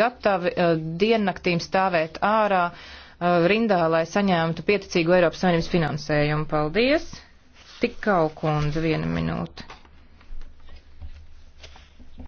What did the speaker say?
gatavi uh, diennaktīm stāvēt ārā uh, rindā, lai saņemtu pieticīgu Eiropas Savienības finansējumu. Paldies! Tik kaut kundze viena minūte.